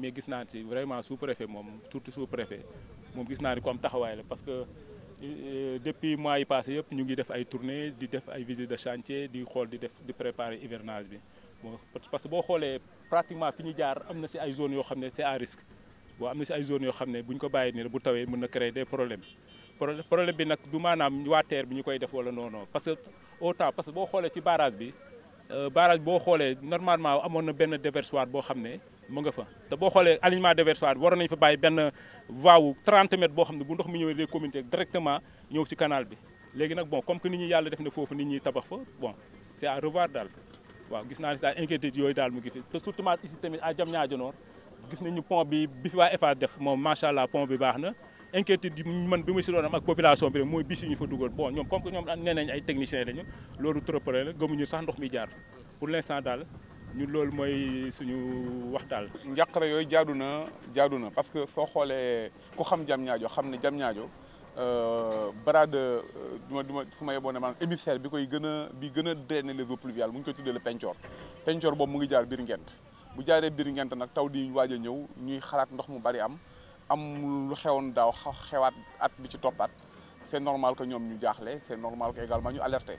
mais gis naa ci vraiment sous préfet moom surtout sous préfet moom gis naa ni comme am taxawaay la parce que euh, depuis mois yi passé yëpp ñu ngi def ay tournée di def ay visite de chantier di xool di def di préparer hivernage bi bon parce que boo xoolee pratiquement fi ñu jaar am na si ay zones yoo xam ne c'est à risque boo am na si ay zones yoo xam ne bu ñu ko bàyyi nii bu tawee mën na créer des problèmes problème bi nag du maanaam waa terre bi ñu koy def wala non non parce que autant parce que boo xoolee ci barrage bi euh, barrage boo xoolee normalement amoon na benn déversoir boo xam ne mu fa te bo xolé alignement de bi waroon nañ fa bàyyi ben voie 30 mètres bo xam ne bu ndox mi ñëwee day communiquer directement ñëw ci canal bi léegi nak bon comme que nit ñi yalla def na fofu nit ñi tabax fa bon c'est à revoir dal waaw gis na ne daal inquiétude yoy dal mu ngi fi te surtout ici tamit à Diamniadio Nord gis nañu pont bi bi fi waa Eiffage def mom machallah pont bi baxna na du man bi mu si doon ak population bi moy mooy bis ñu fa duggal bon ñom comme que ñom nee nañ ay techniciens lañu lolu trop la ñu sax ndox mi jaar pour l'instant dal ñu loolu mooy suñu waxtaan. njàqare yooyu jaadu na jaadu na parce que soo xoolee ku xam jam ñaajo xam ne jam ñaajo euh, barade euh, duma duma su ma yeboo ne maanaam émissaire bi koy gën a bi gën a drainer les eaux pluviales mu ngi koy tuddee le pencoor pencoor boobu mu ngi jaar biir ngent bu jaaree biir ngent nag taw di waaj a ñëw ñuy xalaat ndox mu bari am am lu xewoon daaw xewaat at bi ci toppaat c'est normal que ñoom ñu jaaxle c'est normal que également ñu alerter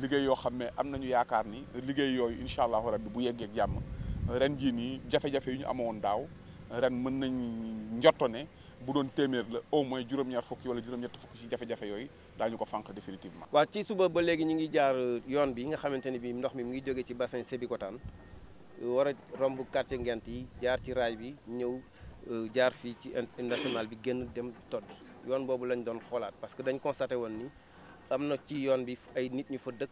liggéey yoo xam ne am nañu yaakaar ni liggéey yooyu incha allahu rabbi bu yeggee jàmm ren jii nii jafe-jafe yu ñu amoon daaw ren mën nañ njottone ne bu doon téeméer la au moins juróom-ñaar fukk wala juróom-ñett fukk si jafe-jafe yooyu daañu ko fànq définitivement. waaw ci suba ba léegi ñu ngi jaar yoon bi nga xamante ne bii ndox mi mu ngi jógee ci bassin Sébikotane war a romb quartier Ngent yi jaar ci raay bi ñëw euh, jaar fii ci national bi génn dem todd yoon boobu lañ doon xoolaat parce que dañ constaté woon ni. amna ci yoon bi ay nit ñu fa dëkk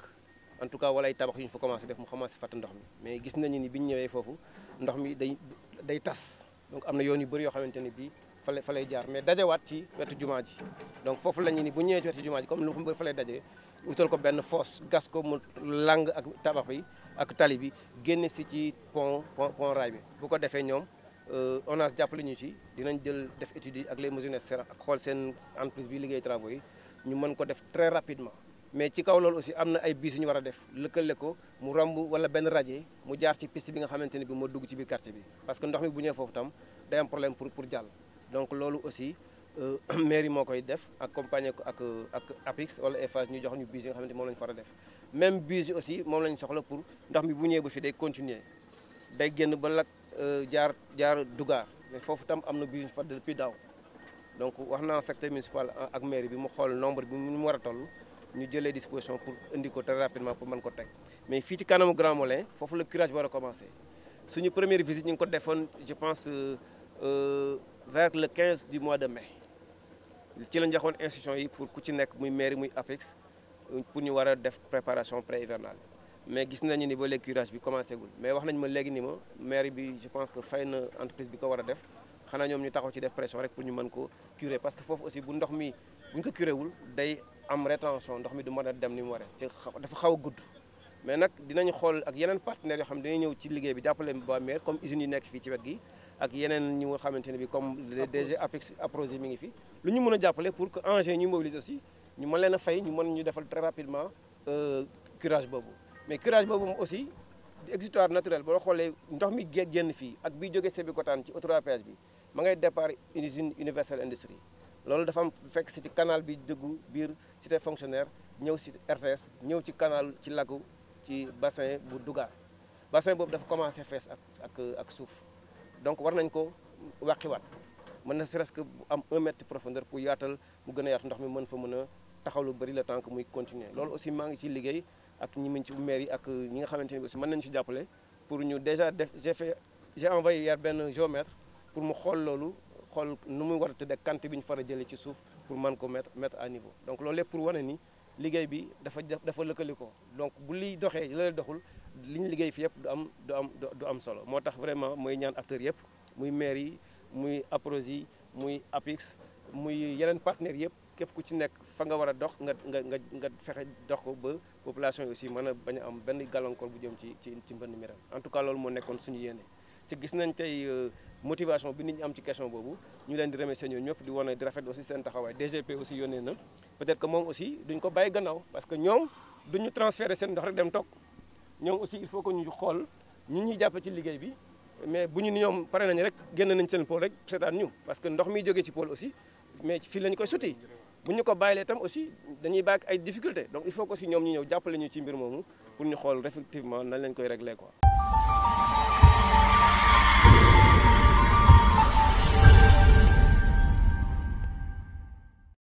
en tout cas wala ay tabax yu ñu fa commencé def mu commencé fatt ndox mi mais gis nañu ni biñu ñu ñëwee foofu ndox mi day day tas donc amna na yoon yu bëri yo xamante ne bii fa lay fa lay jaar mais wat ci wetu jumaa ji donc foofu lañu ni bu ñëwee ci wetu jumaa ji comme lu mu bëri fa lay daje utal ko benn fosse gas ko mu lang ak tabax bi ak tali bi génne si ci pont pont rail bi bu ko defee ñoom euh, ONAS jàppale ñu ci dinañ jël def étude ak les mesures nécessaires ak xool seen entreprise bi liggéey travaux yi ñu mën ko def très rapidement mais ci kaw loolu aussi am na ay bus yu ñu war a def lëkkale ko mu romb wala benn radier mu jaar ci piste bi nga xamante ne bi moo dugg ci biir quartier bi parce que ndox mi bu ñëwee foofu tam day am problème pour pour jàll donc loolu aussi euh, mairie moo koy def accompagner ko ak ak APIX wala Eiffage ñu jox ñu bus yi nga xamante moom la def même bus yi aussi moom la soxla pour ndox mi bu ñëwee ba fi day continuer day génn ba lak euh, jaar jaar Dougar mais foofu tam am na bus yu ñu fa depuis daaw donc a un secteur municipal ak mairie bi mu le nombre bi mu war a toll ñu jëlee disposition pour indiquer très rapidement pour mën ko teg mais fii ci un Grand Moulin Il le curage bi commencer. a commencé suñu première visite ñu ngi ko je pense euh, euh, vers le 15 du mois de mai ci la ñu joxoon institution yi pour ku ci muy mairie muy APEX pour ñu war a def préparation pré hivernale mais gis nañu ni ba le curage bi commencé gul mais wax nañ ma léegi ni ma mairie je pense que c'est une entreprise bi ko war xanaa ñom ñu taxaw ci def pression rek pour ñu mën ko curer parce que fofu aussi bu ndox mi buñ ko curé wul day am rétention ndox mi du mëna dem ni mu waré ci dafa xaw a gudd mais nak dinañ xol ak yenen partenaire yo xam ne dañuy ñëw ci liggéey bi jàppale ba maire comme usine yi nekk fi ci wét gi ak yenen ñi nga xamante bi comme les DG APEX APROSI mi ngi fi lu ñu mëna a pour que engins ñu mobilise aussi ñu mën leen fay ñu mën ñu défal très rapidement euh curage bobu mais curage bobu aussi exutoire naturel bo xolé ndox mi génn fi ak bi joggé jógee Sébikotane ci autoroute bi ma ngay départ usine universelle industrie lolou dafa am fekk ci canal bi dëggu biir cité fonctionnaire ñëw ci RTS ñëw ci canal ci lagu ci bassin bu Dougar bassin boobu dafa commencé fess ak ak ak souf donc war nañ ko wàqiwaat mën na serait-ce que am 1 mètre profondeur pour yatal mu gëna a yaatu ndox mi mën fa mën taxawlu bari lu bëri le temps que muy continuer lolou aussi maa ngi ci liggéey ak ñi mën ci maire yi ak ñi nga xamanteni ni aussi mën nañu ci jappalé pour ñu déjà def j'ai fait j'ai envoyé hier ben géomètre pour mu xol lolu xol nu mu war a tëdd quantité bi ñu far ci souf pour man ko mettre mettre à niveau donc lolé pour wone ni liguey bi dafa dafa lekeliko donc bu li doxé la doxul liñ liguey fi yépp du am du am du am solo motax vraiment moy ñaan acteur yépp muy maire yi muy APROSI muy APIX muy yenen partenaire yépp kep ku ci nek fa nga wara dox nga nga nga nga fexé dox ko ba population aussi mëna baña bañ a am benn gàllankoor bu jëm ci ci ci mbënd mi ren en tout cas loolu mo nekkon suñu yéene ci gis nañ tay euh, motivation bi nit ñi am ci question bobu ñu leen di remercier ñoom ñëpp di wane di rafet aussi sen taxaway DGP aussi yónnee na peut-être que mom aussi duñ ko baye gannaaw parce que ñom duñu transférer sen ndox rek dem tok ñom aussi il faut que ñu xol ñi ñi japp ci liggéey bi mais buñu ñu ni ñoom nañ rek genn nañ sen pôle rek sétane ñu parce que ndox mi joggé ci pôle aussi mais fi lañ koy soti buñu ko bayilé tam aussi dañuy bàyyi ay difficultés donc il faut que aussi ñom ñu ñew jàppale ñu ci mbir moomu pour ñu xol effectivement nañ leen koy régler quoi